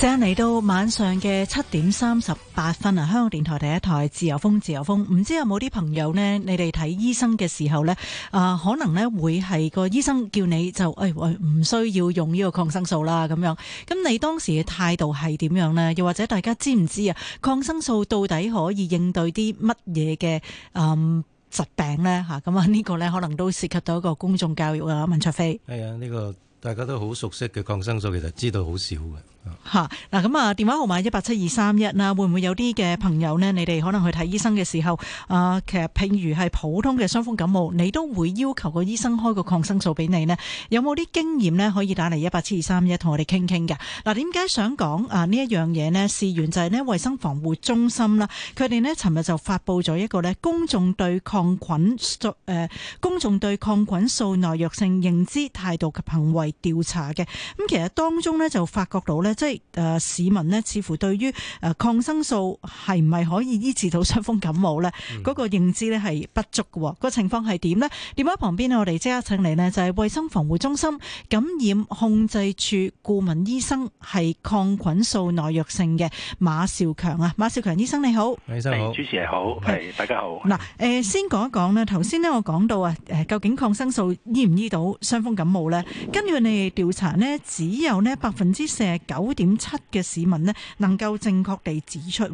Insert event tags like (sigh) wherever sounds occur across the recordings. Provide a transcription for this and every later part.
正嚟到晚上嘅七點三十八分啊！香港電台第一台自由風，自由風，唔知有冇啲朋友呢？你哋睇醫生嘅時候呢，啊、呃，可能呢會係個醫生叫你就誒，唔、哎、需要用呢個抗生素啦咁樣。咁你當時嘅態度係點樣呢？又或者大家知唔知啊？抗生素到底可以應對啲乜嘢嘅疾病呢？吓咁啊，呢、呢個呢，可能都涉及到一個公眾教育啊。文卓飛，係啊，呢個大家都好熟悉嘅抗生素，其實知道好少嘅。吓嗱咁啊，電話號碼一八七二三一啦，會唔會有啲嘅朋友呢？你哋可能去睇醫生嘅時候啊、呃，其實譬如係普通嘅傷風感冒，你都會要求個醫生開個抗生素俾你呢？有冇啲經驗呢？可以打嚟一八七二三一同我哋傾傾嘅嗱？點解想講啊呢一樣嘢呢？事源就係呢：衛生防護中心啦，佢哋呢尋日就發布咗一個呢：「公眾對抗菌素誒，公眾對抗菌素耐藥性認知態度及行為調查」嘅。咁，其實當中呢，就發覺到呢。即係誒，市民呢，似乎對於誒抗生素係唔係可以醫治到傷風感冒呢嗰、嗯那個認知呢係不足嘅。那個情況係點呢？電話旁邊，我哋即刻請嚟呢，就係衛生防護中心感染控制處顧問醫生，係抗菌素耐藥性嘅馬紹強啊。馬紹強醫生你好，你好，主持人好，係大家好。嗱，誒，先講一講咧。頭先呢，我講到啊，誒，究竟抗生素醫唔醫到傷風感冒呢？根據你哋調查呢，只有呢百分之四十九。九點七嘅市民呢，能夠正確地指出，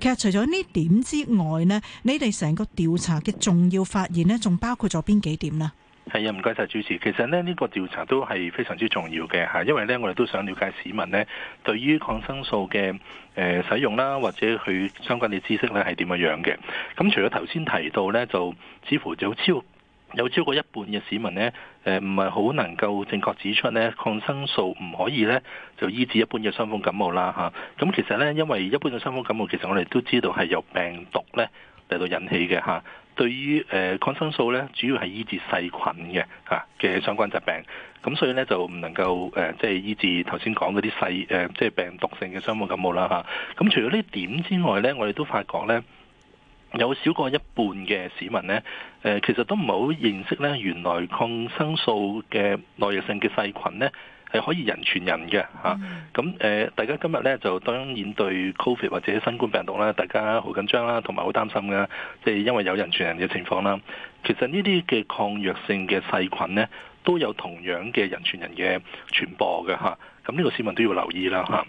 其實除咗呢點之外呢，你哋成個調查嘅重要發現呢，仲包括咗邊幾點呢？係啊，唔該晒主持。其實咧呢個調查都係非常之重要嘅，吓，因為呢我哋都想了解市民咧對於抗生素嘅誒、呃、使用啦，或者佢相關嘅知識呢係點樣樣嘅。咁除咗頭先提到呢，就似乎有超有超過一半嘅市民呢，誒唔係好能夠正確指出呢抗生素唔可以呢就醫治一般嘅傷風感冒啦嚇、咁其實呢，因為一般嘅傷風感冒其實我哋都知道係由病毒呢嚟到引起嘅嚇、啊。對於誒抗生素呢，主要係醫治細菌嘅嚇嘅相關疾病。咁所以呢，就唔能夠誒即係醫治頭先講嗰啲細誒即係病毒性嘅傷風感冒啦嚇、咁、除咗呢點之外呢，我哋都發覺呢，有少過一半嘅市民呢。誒，其實都唔係好認識呢，原來抗生素嘅耐藥性嘅細菌呢係可以人傳人嘅吓。咁誒，大家今日呢，就當然對 Covid 或者新冠病毒啦，大家好緊張啦，同埋好擔心噶，即係因為有人傳人嘅情況啦。其實呢啲嘅抗藥性嘅細菌呢，都有同樣嘅人傳人嘅傳播嘅吓。咁呢個市民都要留意啦吓。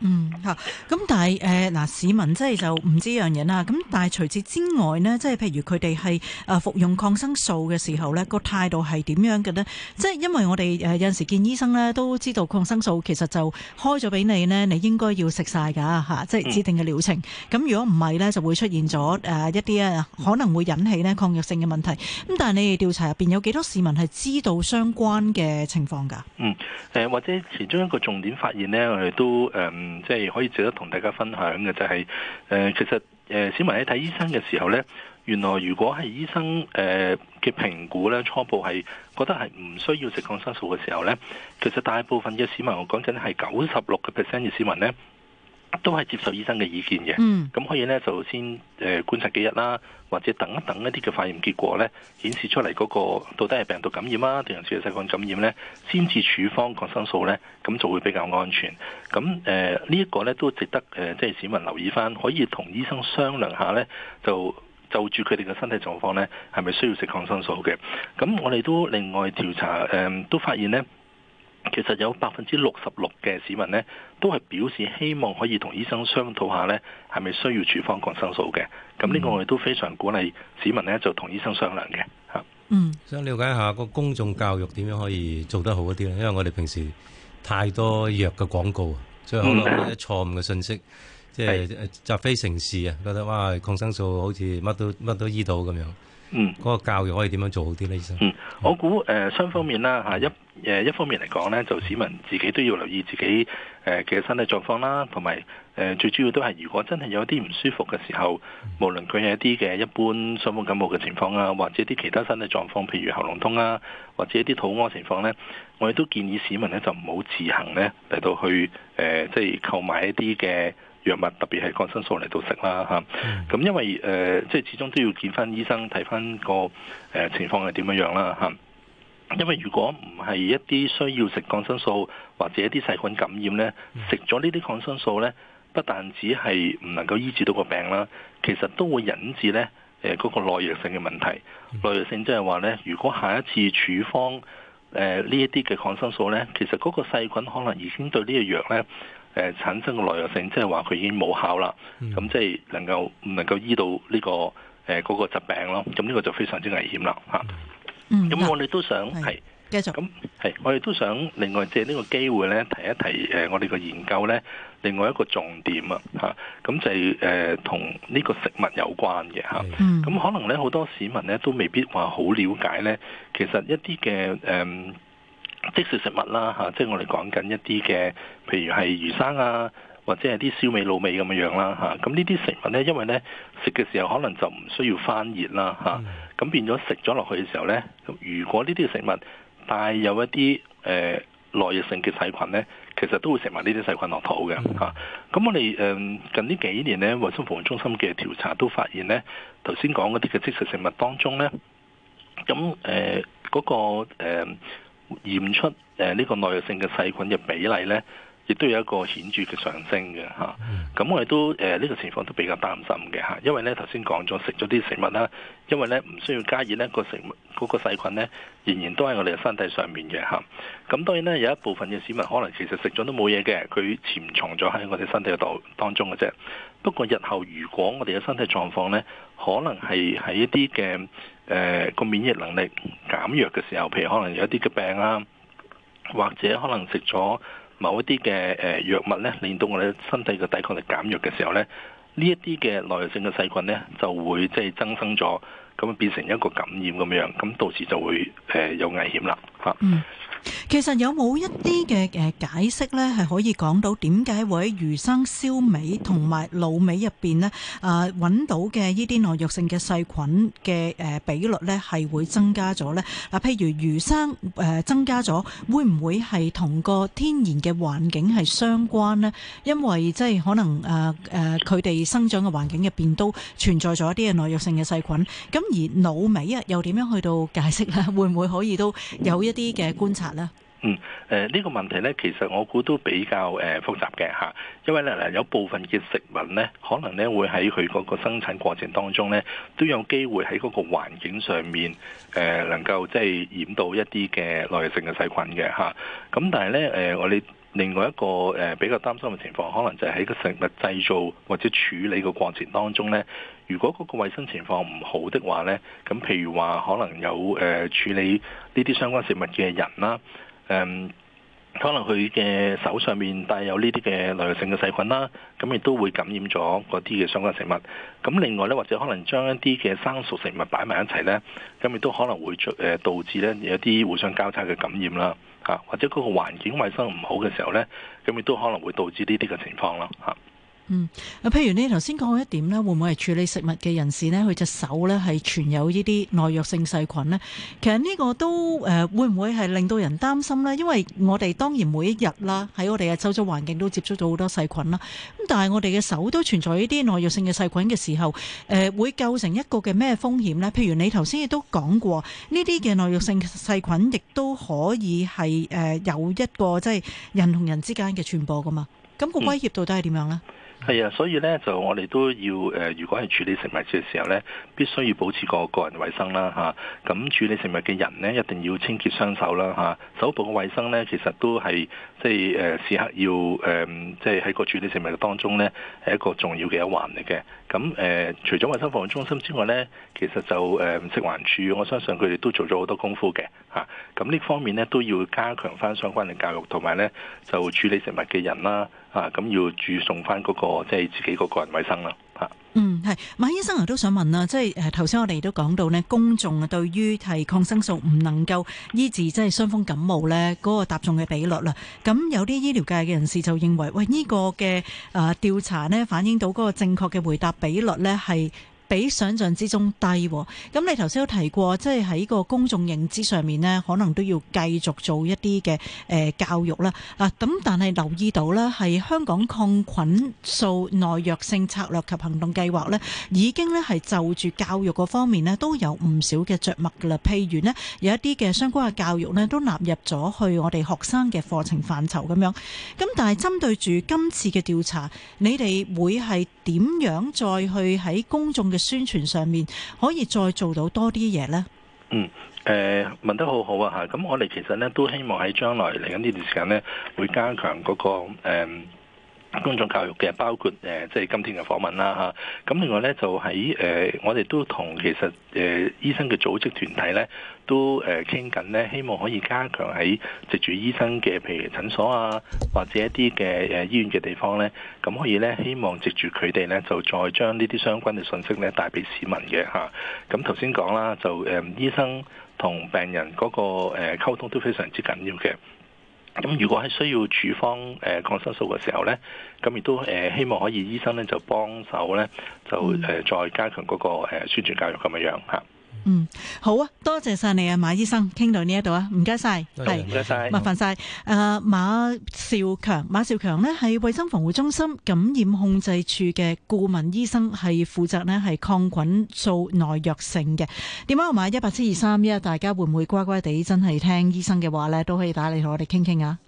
嗯吓，咁、嗯嗯、但係誒嗱，市民即係就唔知樣嘢啦。咁但係除此之外呢，即係譬如佢哋係誒服用抗生素嘅時候呢、個態度係點樣嘅呢？即、就、係、是、因為我哋誒有陣時見醫生呢，都知道抗生素其實就開咗俾你呢，你應該要食晒噶吓，即、啊、係、就是、指定嘅療程。咁如果唔係呢，就會出現咗誒一啲可能會引起呢抗藥性嘅問題。咁但係你哋調查入邊有幾多市民係知道相關嘅情況噶？嗯，誒、呃，或者其中一個重點發現呢，我哋都誒。嗯即、就、係、是、可以值得同大家分享嘅就係、是、誒、呃，其實誒、呃，市民喺睇醫生嘅時候呢，原來如果係醫生誒嘅評估呢，初步係覺得係唔需要食抗生素嘅時候呢，其實大部分嘅市民我講緊係九十六個 percent 嘅市民呢。都係接受醫生嘅意見嘅，咁可以咧就先誒、呃、觀察幾日啦，或者等一等一啲嘅化驗結果咧顯示出嚟嗰個到底係病毒感染啊定係細細菌感染咧，先至處方抗生素咧，咁就會比較安全。咁誒、呃這個、呢一個咧都值得誒、呃、即係市民留意返，可以同醫生商量一下咧，就就住佢哋嘅身體狀況咧係咪需要食抗生素嘅？咁我哋都另外調查誒、呃，都發現咧。其實有百分之六十六嘅市民呢，都係表示希望可以同醫生商討下呢係咪需要處方抗生素嘅？咁呢個我哋都非常鼓勵市民呢就同醫生商量嘅。吓，嗯，想了解一下個公眾教育點樣可以做得好一啲呢？因為我哋平時太多藥嘅廣告啊，所以好多錯誤嘅信息，是即係積非成是。啊，覺得哇抗生素好似乜都乜都醫到咁樣。嗯，嗰、那個教育可以點樣做好啲呢？醫生，嗯，我估誒、呃、雙方面啦、啊、一、呃、一方面嚟講咧，就市民自己都要留意自己誒嘅、呃、身體狀況啦，同埋誒最主要都係如果真係有啲唔舒服嘅時候，無論佢係一啲嘅一般傷風感冒嘅情況啊，或者啲其他身體狀況，譬如喉嚨痛啊，或者一啲肚屙情況咧，我亦都建議市民咧就唔好自行咧嚟到去誒、呃，即係購買一啲嘅。藥物特別係抗生素嚟到食啦吓，咁因為誒、即、呃、係始終都要見翻醫生，睇翻個誒、呃、情況係點樣樣啦吓。因為如果唔係一啲需要食抗生素或者一啲細菌感染呢，食咗呢啲抗生素呢，不但只係唔能夠醫治到個病啦，其實都會引致呢誒嗰、那個耐藥性嘅問題。耐藥性即係話呢，如果下一次處方誒呢一啲嘅抗生素呢，其實嗰個細菌可能已經對呢個藥呢。誒、呃，產生個耐藥性，即係話佢已經冇效啦。咁、嗯、即係能夠唔能夠醫到呢、呢個誒嗰、呃嗰個疾病咯？咁呢個就非常之危險啦嚇。咁、啊嗯、我哋都想係、嗯、繼續咁係，我哋都想另外借呢個機會咧，提一提誒、呃、我哋個研究咧，另外一個重點啊嚇。咁就係誒同呢個食物有關嘅嚇。咁、啊嗯、可能咧好多市民咧都未必話好了解咧，其實一啲嘅誒、呃即食食物啦，即係我哋講緊一啲嘅，譬如係魚生啊，或者係啲燒味、滷味咁樣樣啦，嚇！咁呢啲食物呢，因為呢食嘅時候可能就唔需要翻熱啦，嚇！咁變咗食咗落去嘅時候呢，如果呢啲食物帶有一啲誒、呃、耐熱性嘅細菌呢，其實都會食埋呢啲細菌落肚嘅，嚇、嗯！咁、啊、我哋誒、呃、近呢幾年呢，衛生防護中心嘅調查都發現呢，頭先講嗰啲嘅即食食物當中呢，咁嗰、呃那個、呃驗出誒呢個耐藥性嘅細菌嘅比例呢，亦都有一個顯著嘅上升嘅吓。咁我哋都誒呢、呃這個情況都比較擔心嘅吓，因為呢頭先講咗食咗啲食物啦，因為呢唔需要加熱呢、那個食物嗰個細菌呢，仍然都喺我哋嘅身體上面嘅吓。咁當然呢，有一部分嘅市民可能其實食咗都冇嘢嘅，佢潛藏咗喺我哋身體度當中嘅啫。不過日後如果我哋嘅身體狀況呢，可能係喺一啲嘅。誒、呃，個免疫能力減弱嘅時候，譬如可能有一啲嘅病啦，啊，或者可能食咗某一啲嘅誒藥物咧，令到我哋身體嘅抵抗力減弱嘅時候咧，這些的內源性的細菌呢，一啲嘅內源性嘅細菌咧就會即係增生咗，咁啊變成一個感染咁樣，咁到時就會誒有危險啦，吓，嗯。其實有冇一啲嘅誒解釋呢，係可以講到點解會喺魚生燒和老、燒味同埋滷味入邊呢啊，揾到嘅呢啲耐藥性嘅細菌嘅誒比率呢？係會增加咗呢。啊，譬如魚生誒增加咗，會唔會係同個天然嘅環境係相關呢？因為即係可能誒誒，佢、啊、哋、啊、生長嘅環境入邊都存在咗一啲嘅耐藥性嘅細菌。咁而滷味啊，又點樣去到解釋呢？會唔會可以都有一啲嘅觀察？嗯，誒、呃，呢、這個問題呢，其實我估都比較誒、呃、複雜嘅吓，因為呢，有部分嘅食物呢，可能呢會喺佢嗰個生產過程當中呢，都有機會喺嗰個環境上面，誒、呃，能夠即係染到一啲嘅耐性嘅細菌嘅吓。咁、啊、但係呢，誒、呃，我哋另外一個誒比較擔心嘅情況，可能就係喺個食物製造或者處理嘅過程當中呢。如果嗰個衞生情況唔好的話呢，咁譬如話可能有誒、呃、處理呢啲相關食物嘅人啦，誒、呃、可能佢嘅手上面帶有呢啲嘅耐性嘅細菌啦，咁亦都會感染咗嗰啲嘅相關食物。咁另外呢，或者可能將一啲嘅生熟食物擺埋一齊呢，咁亦都可能會誒導致呢有啲互相交叉嘅感染啦。嚇，或者嗰個環境衞生唔好嘅時候呢，咁亦都可能會導致呢啲嘅情況啦。嚇。嗯，譬如你頭先講嗰一點咧，會唔會係處理食物嘅人士咧，佢隻手咧係存有呢啲耐藥性細菌咧？其實呢個都誒、呃，會唔會係令到人擔心呢？因為我哋當然每一日啦，喺我哋嘅周遭環境都接觸到好多細菌啦。咁但係我哋嘅手都存在呢啲耐藥性嘅細菌嘅時候，誒、呃、會構成一個嘅咩風險呢？譬如你頭先亦都講過，呢啲嘅耐藥性細菌亦都可以係誒、呃、有一個即係、就是、人同人之間嘅傳播㗎嘛。咁、那個威脅到底係點樣呢？嗯係啊，所以咧就我哋都要誒。如果係處理食物嘅時候咧，必須要保持個個人衛生啦吓，咁處理食物嘅人咧，一定要清潔雙手啦吓，手部嘅衛生咧，其實都係。即係誒，時、呃、刻要誒、呃，即係喺個處理食物當中咧，係一個重要嘅一環嚟嘅。咁誒、呃，除咗衞生防護中心之外咧，其實就誒食、呃、環署，我相信佢哋都做咗好多功夫嘅嚇。咁、啊、呢方面咧，都要加強翻相關嘅教育，同埋咧就處理食物嘅人啦，啊咁、啊、要注重翻嗰個即係自己個個人衞生啦。嗯，係馬醫生啊，都想問啦，即係誒，頭先我哋都講到呢，公眾啊對於係抗生素唔能夠醫治即係傷風感冒呢嗰個答中嘅比率啦，咁有啲醫療界嘅人士就認為，喂呢個嘅誒調查呢反映到嗰個正確嘅回答比率呢係。比想象之中低。哦，咁你頭先都提過，即係喺個公眾認知上面咧，可能都要繼續做一啲嘅誒教育啦。嗱，咁但係留意到咧，係香港抗菌素耐藥性策略及行動計劃咧，已經咧係就住教育嗰方面咧都有唔少嘅着墨㗎啦。譬如咧有一啲嘅相關嘅教育咧都納入咗去我哋學生嘅課程範疇，咁樣。咁但係針對住今次嘅調查，你哋會係。點樣再去喺公眾嘅宣傳上面可以再做到多啲嘢呢？嗯，誒、呃、問得好好啊嚇！咁我哋其實呢都希望喺將來嚟緊呢段時間呢，會加強嗰、嗰個、呃公眾教育嘅，包括誒，即係今天嘅訪問啦吓，咁另外咧，就喺誒，我哋都同其實誒醫生嘅組織團體咧，都誒傾緊咧，希望可以加強喺籍住醫生嘅，譬如診所啊，或者一啲嘅誒醫院嘅地方咧，咁可以咧，希望籍住佢哋咧，就再將呢啲相關嘅信息咧，帶俾市民嘅吓。咁頭先講啦，就誒醫生同病人嗰個誒溝通都非常之緊要嘅。咁如果喺需要處方誒抗生素嘅時候咧，咁亦都誒希望可以醫生咧就幫手咧，就誒再加強嗰個宣傳教育咁樣樣嚇。嗯，好啊，多謝晒你啊，馬醫生，傾到呢一度啊，唔該晒，唔該晒，麻煩晒。誒、呃，馬紹強，馬紹強呢係衛生防護中心感染控制處嘅顧問醫生，係負責呢，係抗菌素耐藥性嘅。電話號碼一八七二三一，17231，大家會唔會乖乖地真係聽醫生嘅話呢？都可以打嚟同我哋傾傾啊。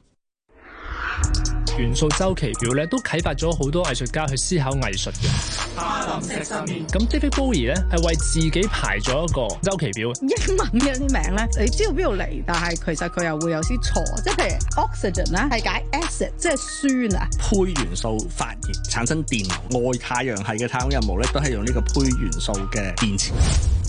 元素周期表咧都啟發咗好多藝術家去思考藝術嘅。哈林食心面咁 David Bowie 咧係為自己排咗一個周期表。英文嗰啲名咧，你知道邊度嚟，但係其實佢又會有啲錯，即係 Oxygen 咧係解 acid，即係酸啊。配元素發熱產生電流，外太陽系嘅太空任務咧都係用呢個配元素嘅電池。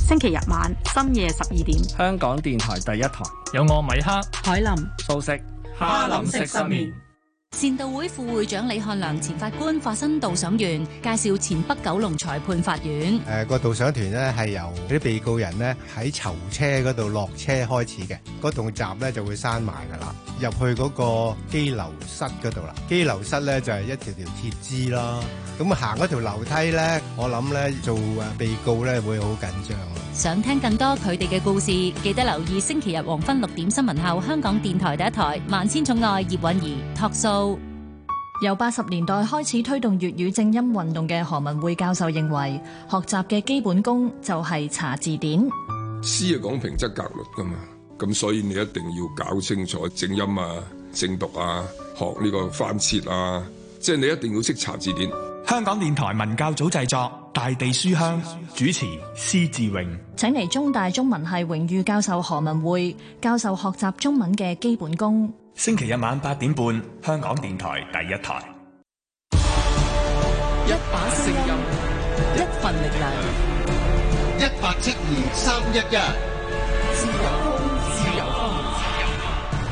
星期日晚深夜十二點，香港電台第一台有我米克、海林、素食、哈林食心面。善道會副會長李漢良前法官化身導賞員介紹前北九龍裁判法院。誒、呃，個導賞團呢係由啲被告人呢喺囚車嗰度落車開始嘅，嗰道閘咧就會閂埋噶啦。入去嗰個機樓室嗰度啦，機樓室咧就係一條條鐵枝咯。咁行嗰條樓梯咧，我諗咧做被告咧會好緊張。想聽更多佢哋嘅故事，記得留意星期日黃昏六點新聞後，香港電台第一台《萬千寵愛》葉韻儀託數。由八十年代開始推動粵語正音運動嘅何文匯教授認為，學習嘅基本功就係查字典。詩啊講平仄格律噶嘛。咁所以你一定要搞清楚正音啊、正讀啊、學呢個反切啊，即係你一定要識查字典。香港電台文教組製作《大地書香》，主持施志榮，請嚟中大中文系榮譽教授何文匯教授學習中文嘅基本功。星期日晚八點半，香港電台第一台。一把聲音，一份力量，一八七二三一一。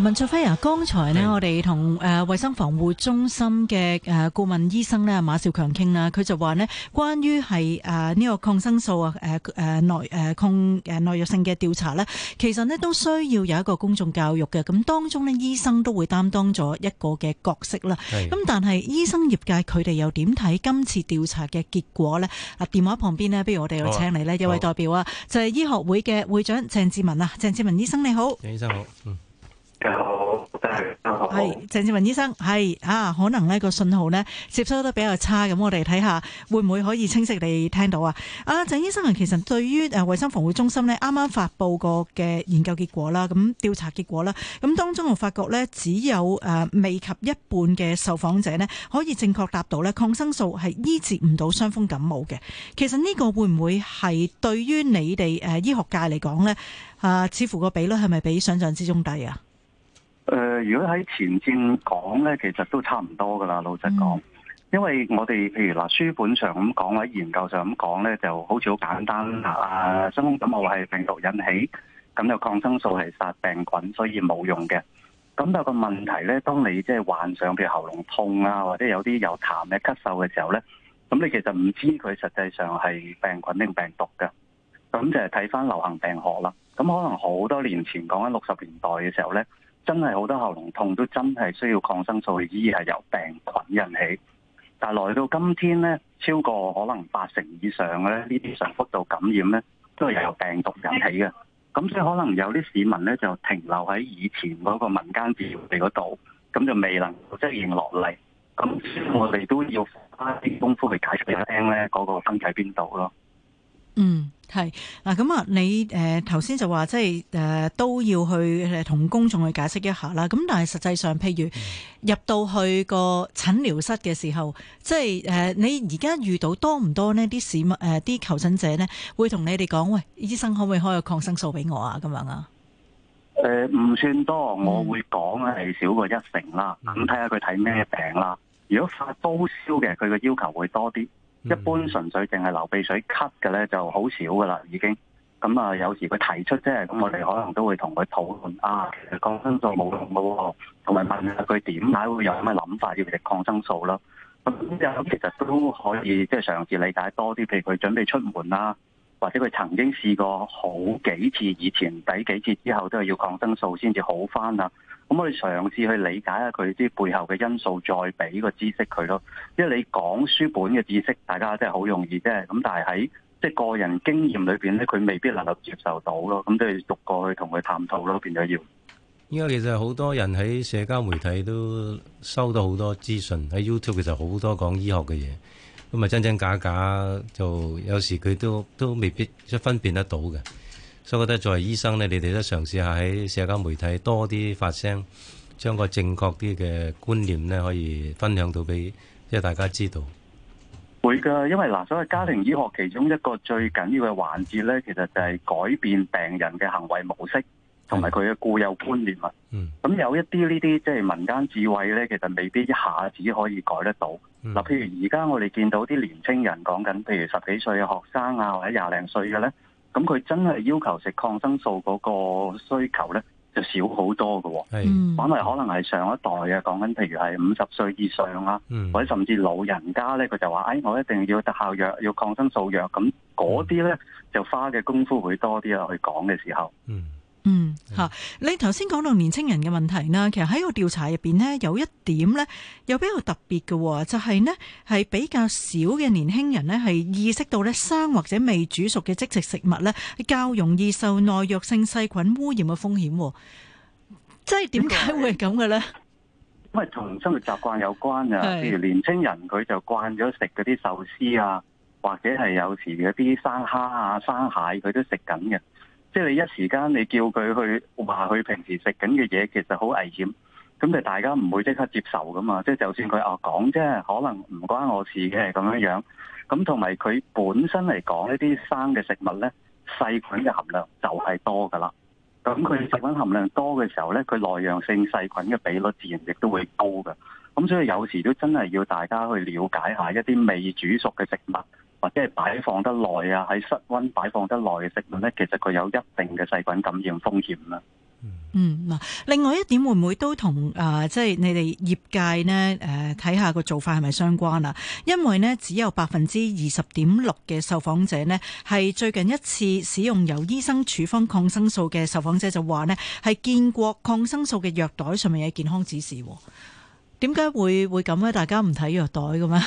文卓輝啊，剛才咧，我哋同誒衞生防護中心嘅誒顧問醫生咧馬紹強傾啦，佢就話咧，關於係誒呢個抗生素啊誒誒內誒抗誒耐藥性嘅調查咧，其實咧都需要有一個公眾教育嘅。咁當中咧，醫生都會擔當咗一個嘅角色啦。咁但係醫生業界佢哋又點睇今次調查嘅結果呢？啊，電話旁邊咧，不如我哋又請嚟咧一位代表啊，就係、是、醫學會嘅會長鄭志文啊。鄭志文醫生你好。鄭醫生好。嗯好，係鄭志文醫生，係啊，可能呢個信號呢接收得比較差，咁我哋睇下會唔會可以清晰地聽到啊？啊，鄭醫生，其實對於誒衛生防護中心呢啱啱發布過嘅研究結果啦，咁調查結果啦，咁當中又發覺呢，只有誒、啊、未及一半嘅受訪者呢可以正確答到呢抗生素係醫治唔到傷風感冒嘅。其實呢個會唔會係對於你哋誒醫學界嚟講呢？啊？似乎個比率係咪比想象之中低啊？誒、呃，如果喺前綫講咧，其實都差唔多噶啦，老實講，因為我哋譬如嗱書本上咁講，喺研究上咁講咧，就好似好簡單、嗯、啊，傷風感冒係病毒引起，咁就抗生素係殺病菌，所以冇用嘅。咁但個問題咧，當你即係患上譬如喉嚨痛啊，或者有啲有痰嘅咳嗽嘅時候咧，咁你其實唔知佢實際上係病菌定病毒嘅。咁就係睇翻流行病學啦。咁可能好多年前講緊六十年代嘅時候咧。真係好多喉嚨痛都真係需要抗生素去醫，係由病菌引起。但係來到今天咧，超過可能八成以上咧，呢啲上呼吸道感染咧都係由病毒引起嘅。咁所以可能有啲市民咧就停留喺以前嗰個民間治療地嗰度，咁就未能適應落嚟。咁我哋都要花啲功夫去解釋俾佢聽咧嗰個分界邊度咯。嗯，係嗱，咁啊，你誒頭先就話即係誒、呃、都要去誒同公眾去解釋一下啦。咁但係實際上，譬如入到去個診療室嘅時候，即係誒、呃、你而家遇到多唔多呢啲市民誒，啲、呃、求診者咧，會同你哋講喂，醫生可唔可以開個抗生素俾我啊？咁樣啊？誒，唔算多，我會講係少過一成啦。咁睇下佢睇咩病啦。如果發高燒嘅，佢嘅要求會多啲。Mm -hmm. 一般純粹淨係流鼻水咳嘅咧，就好少㗎喇，已經咁啊。有時佢提出啫，咁我哋可能都會同佢討論啊，其實抗生素冇用嘅喎，同埋問下佢點解會有咁嘅諗法要食抗生素咯。咁有其實都可以即係嘗試理解多啲，譬如佢準備出門啦，或者佢曾經試過好幾次，以前抵幾次之後都係要抗生素先至好返啊。咁我哋嘗試去理解下佢啲背後嘅因素，再俾個知識佢咯。因為你講書本嘅知識，大家真係好容易啫。咁但係喺即係個人經驗裏邊咧，佢未必能夠接受到咯。咁都要逐個去同佢探討咯，變咗要。依家其實好多人喺社交媒體都收到好多資訊，喺 YouTube 其實好多講醫學嘅嘢，咁啊真真假假，就有時佢都都未必分辨得到嘅。所以我覺得作為醫生咧，你哋都嘗試下喺社交媒體多啲發聲，將個正確啲嘅觀念咧，可以分享到俾即係大家知道。會㗎，因為嗱，所謂家庭醫學其中一個最緊要嘅環節咧，其實就係改變病人嘅行為模式同埋佢嘅固有觀念啊。嗯。咁有一啲呢啲即係民間智慧咧，其實未必一下子可以改得到。嗱、嗯，譬如而家我哋見到啲年青人講緊，譬如十幾歲嘅學生啊，或者廿零歲嘅咧。咁佢真係要求食抗生素嗰個需求咧，就少好多嘅、哦。喎、mm.。反為可能係上一代嘅講緊譬如係五十歲以上啊，mm. 或者甚至老人家咧，佢就話，誒、哎，我一定要特效藥，要抗生素藥。咁嗰啲咧，mm. 就花嘅功夫會多啲啦去講嘅時候，嗯、mm.。嗯吓，你頭先講到年青人嘅問題啦，其實喺個調查入邊咧，有一點咧又比較特別嘅，就係咧係比較少嘅年輕人咧係意識到咧生或者未煮熟嘅即食食物咧較容易受耐藥性細菌污染嘅風險，即係點解會係咁嘅咧？因為同生活習慣有關啊，譬如年青人佢就慣咗食嗰啲壽司啊，或者係有時嗰啲生蝦啊、生蟹佢都食緊嘅。即係你一時間你叫佢去話佢平時食緊嘅嘢，其實好危險。咁就大家唔會即刻接受噶嘛。即係就算佢啊講啫，可能唔關我事嘅咁樣樣。咁同埋佢本身嚟講呢啲生嘅食物咧，細菌嘅含量就係多噶啦。咁佢細菌含量多嘅時候咧，佢耐藥性細菌嘅比率自然亦都會高㗎。咁所以有時都真係要大家去了解一下一啲未煮熟嘅食物。或者係擺放得耐啊，喺室溫擺放得耐嘅食物呢，其實佢有一定嘅細菌感染風險啦。嗯，嗱，另外一點會唔會都同啊，呃，即係你哋業界呢，誒睇下個做法係咪相關啊？因為呢，只有百分之二十點六嘅受訪者呢，係最近一次使用由醫生處方抗生素嘅受訪者就話呢，係見過抗生素嘅藥袋上面嘅健康指示喎。點解會會咁呢？大家唔睇藥袋嘅咩？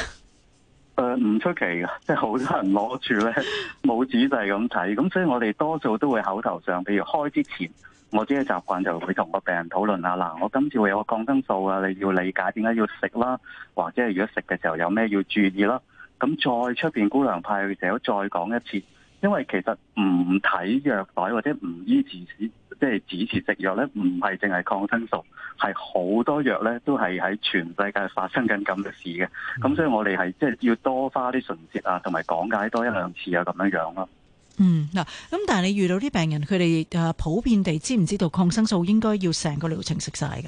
誒、呃，唔出奇嘅，即係好多人攞住咧，冇指示咁睇，咁所以我哋多數都會口頭上，譬如開之前，我自己習慣就會同個病人討論下，嗱，我今次會有個抗生素啊，你要理解點解要食啦，或者係如果食嘅時候有咩要注意啦，咁再出邊姑娘派佢成日再講一次，因為其實唔睇藥袋或者唔依指示。即係只持食藥咧，唔係淨係抗生素，係好多藥咧都係喺全世界發生緊咁嘅事嘅。咁、嗯、所以我哋係即係要多花啲唇舌啊，同埋講解多一兩次啊，咁樣樣咯、啊。嗯，嗱，咁但係你遇到啲病人，佢哋誒普遍地知唔知道抗生素應該要成個療程食晒㗎？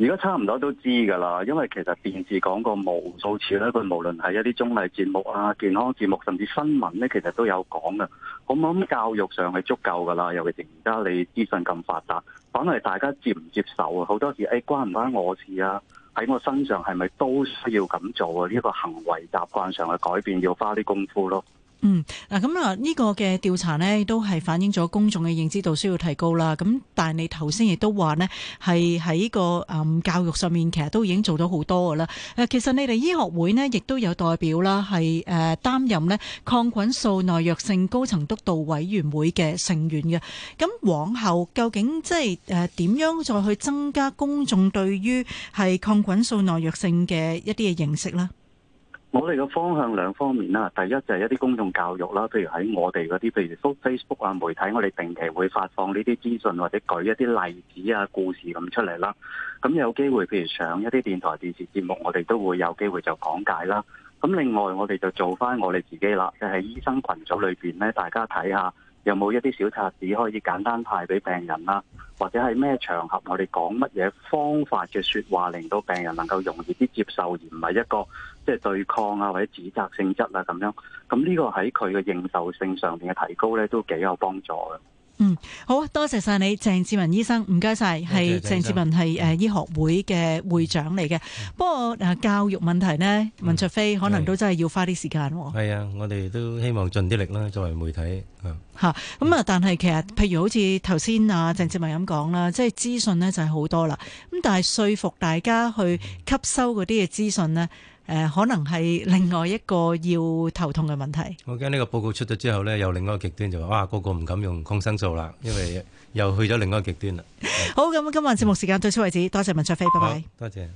而家差唔多都知噶啦，因為其實電視講過無數次咧，佢無論係一啲綜藝節目啊、健康節目，甚至新聞咧，其實都有講㗎。咁我諗教育上係足夠噶啦，尤其是而家你資訊咁發達，反為大家接唔接受啊？好多時誒、哎，關唔關我事啊？喺我身上係咪都需要咁做啊？呢、這個行為習慣上去改變，要花啲功夫咯。嗯，嗱，咁啊，呢、這個嘅調查呢，都係反映咗公眾嘅認知度需要提高啦。咁，但係你頭先亦都話呢，係喺、這個誒、嗯、教育上面，其實都已經做到好多噶啦。誒，其實你哋醫學會呢，亦都有代表啦，係誒擔任呢抗菌素耐藥性高層督導委員會嘅成員嘅。咁往後究竟即係誒點樣再去增加公眾對於係抗菌素耐藥性嘅一啲嘅認識呢？我哋嘅方向兩方面啦，第一就係一啲公眾教育啦，譬如喺我哋嗰啲譬如 Facebook 啊、媒體，我哋定期會發放呢啲資訊或者舉一啲例子啊故事咁出嚟啦。咁有機會譬如上一啲電台電視節目，我哋都會有機會就講解啦。咁另外我哋就做翻我哋自己啦，就係醫生群組裏邊咧，大家睇下有冇一啲小冊子可以簡單派俾病人啦，或者係咩場合我哋講乜嘢方法嘅說話，令到病人能夠容易啲接受，而唔係一個。即係對抗啊，或者指責性質啊，咁樣咁呢個喺佢嘅認受性上邊嘅提高呢，都幾有幫助嘅。嗯，好，多謝晒你，鄭志文醫生，唔該晒，係鄭志文係誒醫學會嘅會長嚟嘅，嗯。不過誒教育問題呢，文卓飛，嗯、可能都真係要花啲時間。係啊，我哋都希望盡啲力啦，作為媒體吓。咁、嗯、啊、嗯嗯，但係其實譬如好似頭先啊鄭志文咁講啦，即係資訊呢就係好多啦。咁但係說服大家去吸收嗰啲嘅資訊呢。誒，可能係另外一個要頭痛嘅問題。我驚呢個報告出咗之後咧，又有另外極端就話，哇，個個唔敢用抗生素啦，因為又去咗另外極端啦、 (laughs) 嗯。好，咁今晚節目時間到此為止，多謝文卓飛，拜拜。多謝。